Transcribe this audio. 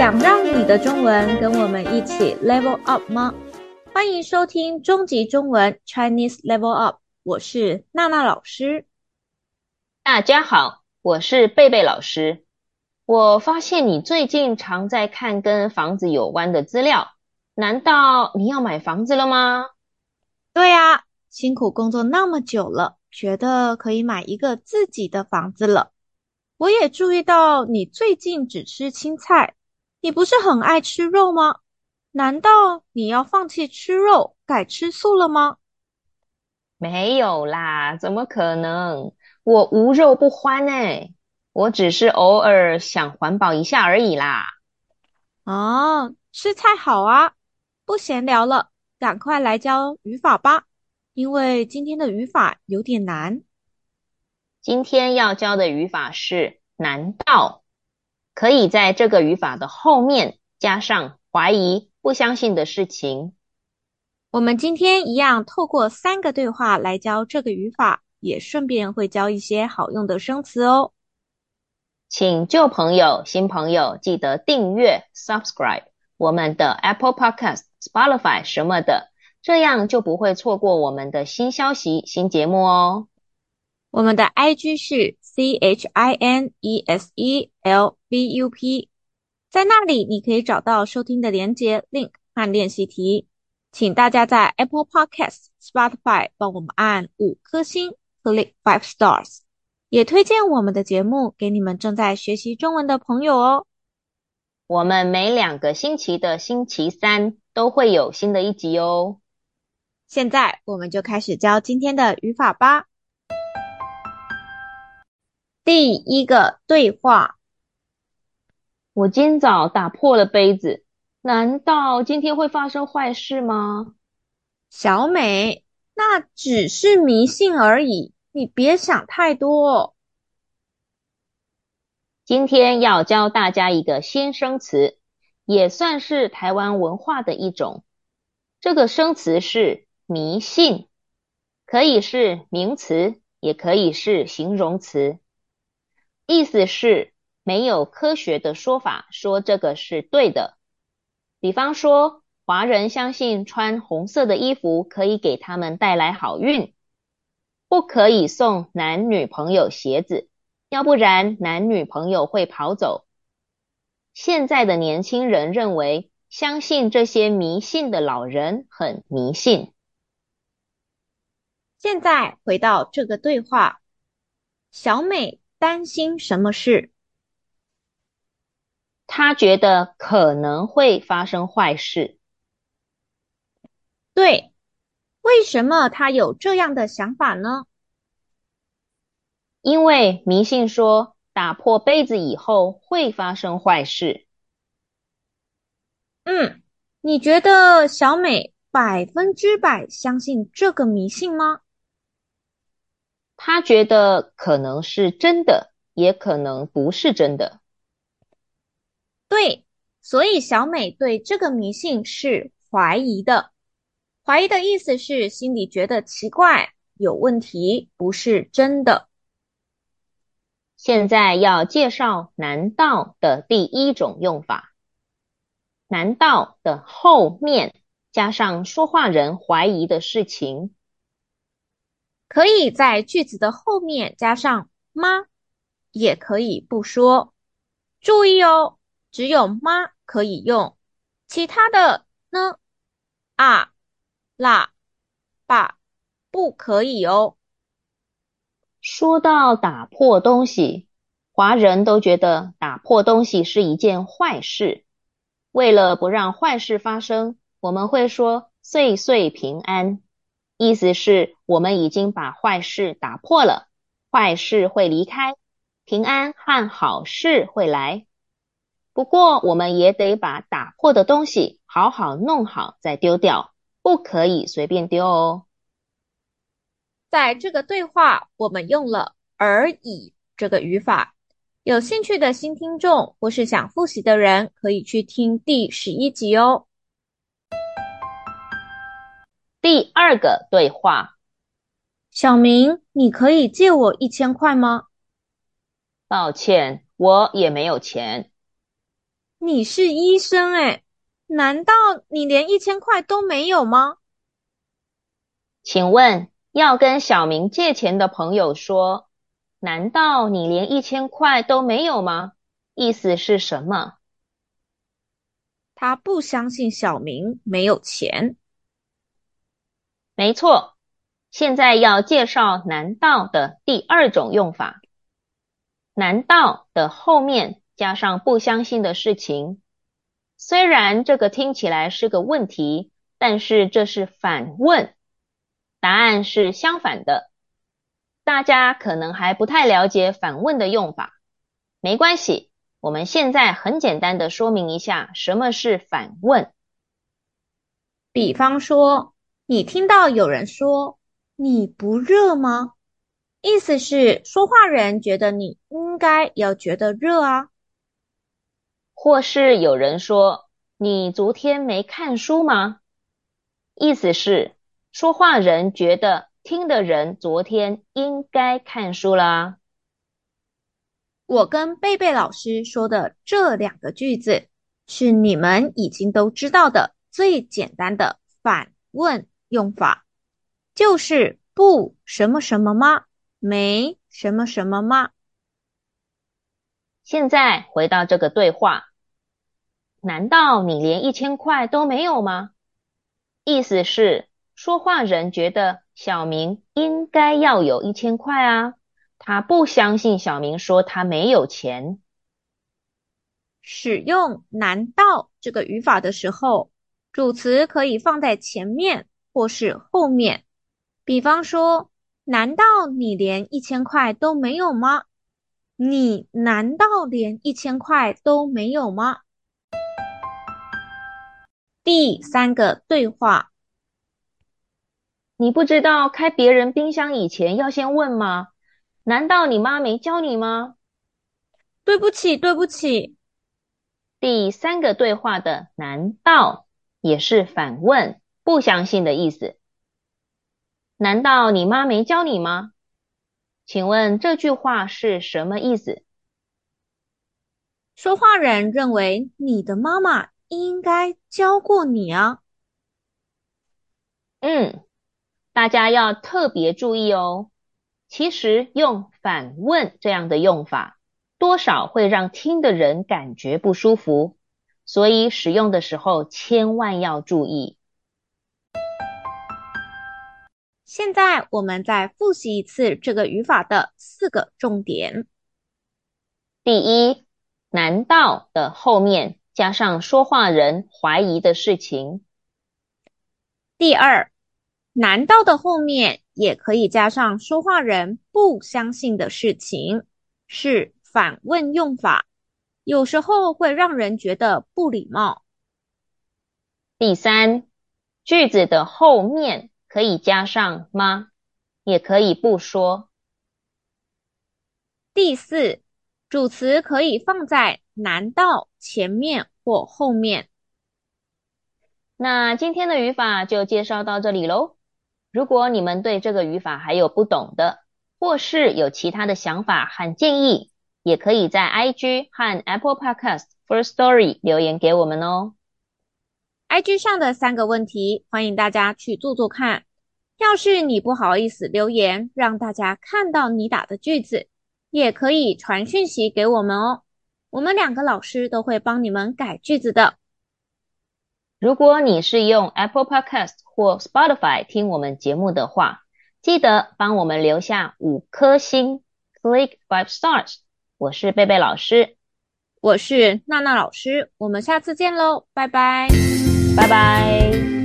想讓你的中文跟我們一起 level up 嗎？歡迎收聽《終極中文 Chinese Level Up》，我是娜娜老師。大家好，我是貝貝老師。我發現你最近常在看跟房子有關的資料，難道你要買房子了嗎？對呀、啊，辛苦工作那麼久了，覺得可以買一個自己的房子了。我也注意到你最近只吃青菜。你不是很愛吃肉嗎？難道你要放棄吃肉，改吃素了嗎？沒有啦，怎麼可能？我無肉不歡呢。我只是偶爾想環保一下而已啦。哦、啊，吃菜好啊！不閒聊了，趕快來教語法吧，因為今天的語法有點難。今天要教的語法是難道。可以在這個語法的後面加上懷疑、不相信的事情。我們今天一樣透過三個對話來教這個語法，也順便會教一些好用的生詞哦。請舊朋友、新朋友記得訂閱 （subscribe） 我們的 Apple Podcast、Spotify 什麼的，這樣就不會錯過我們的新消息、新節目哦。我們的 IG 是 ChineseLbup，在那裡你可以找到收聽的連接 link 和練習題，請大家在 Apple Podcasts、Spotify 幫我們按五顆星，click five stars，也推薦我們的節目給你們正在學習中文的朋友哦。我們每兩個星期的星期三都會有新的一集哦。現在我們就開始教今天的語法吧。第一個對話，我今早打破了杯子，難道今天會發生壞事嗎？小美，那只是迷信而已，你別想太多。今天要教大家一個新生詞，也算是台灣文化的一種。這個生詞是迷信，可以是名詞，也可以是形容詞。意思是沒有科學的說法說這個是對的。比方說，華人相信穿紅色的衣服可以給他們帶來好運，不可以送男女朋友鞋子，要不然男女朋友會跑走。現在的年輕人認為相信這些迷信的老人很迷信。現在回到這個對話，小美，擔心什麼事？他覺得可能會發生壞事。對，為什麼他有這樣的想法呢？因為迷信說打破杯子以後會發生壞事。嗯，你覺得小美百分之百相信這個迷信嗎？他覺得可能是真的，也可能不是真的。對，所以小美對這個迷信是懷疑的。懷疑的意思是心裡覺得奇怪，有問題，不是真的。現在要介紹“難道”的第一種用法，“難道”的後面加上說話人懷疑的事情，可以在句子的後面加上嗎，也可以不說。注意哦，只有嗎可以用，其他的呢、啊、啦、吧不可以哦。說到打破東西，華人都覺得打破東西是一件壞事。為了不讓壞事發生，我們會說歲歲平安。意思是，我們已經把壞事打破了，壞事會離開，平安和好事會來。不過，我們也得把打破的東西好好弄好，再丟掉，不可以隨便丟哦。在這個對話，我們用了而已這個語法。有興趣的新聽眾或是想復習的人，可以去聽第十一集哦。第二個對話：小明，你可以借我一千塊嗎？抱歉，我也沒有錢。你是醫生哎，難道你連一千塊都沒有嗎？請問，要跟小明借錢的朋友說：“難道你連一千塊都沒有嗎？”意思是什麼？他不相信小明沒有錢。沒錯，現在要介紹“難道”的第二種用法。“難道”的後面加上不相信的事情，雖然這個聽起來是個問題，但是這是反問，答案是相反的。大家可能還不太了解反問的用法，沒關係，我們現在很簡單的說明一下什麼是反問。比方說。你聽到有人說，你不熱嗎？意思是說話人覺得你應該要覺得熱啊。或是有人說，你昨天沒看書嗎？意思是說話人覺得聽的人昨天應該看書啦。我跟貝貝老師說的這兩個句子是你們已經都知道的最簡單的反問。用法就是不什麼什麼嗎？沒什麼什麼嗎？現在回到這個對話，難道你連一千塊都沒有嗎？意思是說話人覺得小明應該要有一千塊啊，他不相信小明說他沒有錢。使用難道這個語法的時候，主詞可以放在前面。或是後面，比方說，難道你連一千塊都沒有嗎？你難道連一千塊都沒有嗎？第三個對話，你不知道開別人冰箱以前要先問嗎？難道你媽沒教你嗎？對不起，對不起。第三個對話的難道也是反問。不相信的意思。難道你媽沒教你嗎？請問這句話是什麼意思？說話人認為你的媽媽應該教過你啊。嗯，大家要特別注意哦。其實用反問這樣的用法，多少會讓聽的人感覺不舒服，所以使用的時候千萬要注意。現在我們再複習一次這個語法的四個重點。第一，難道的後面加上說話人懷疑的事情。第二，難道的後面也可以加上說話人不相信的事情，是反問用法，有時候會讓人覺得不禮貌。第三，句子的後面。可以加上嗎？也可以不說。第四，主詞可以放在難道前面或後面。那今天的語法就介紹到這裡嘍。如果你們對這個語法還有不懂的，或是有其他的想法和建議，也可以在 IG 和 Apple Podcasts Firstory 留言給我們哦。IG 上的三個問題，歡迎大家去做做看。要是你不好意思留言，讓大家看到你打的句子，也可以傳訊息給我們哦。我們兩個老師都會幫你們改句子的。如果你是用 Apple Podcast 或 Spotify 聽我們節目的話，記得幫我們留下五顆星，Click Five Stars。我是貝貝老師，我是娜娜老師，我們下次見嘍，拜拜。拜拜。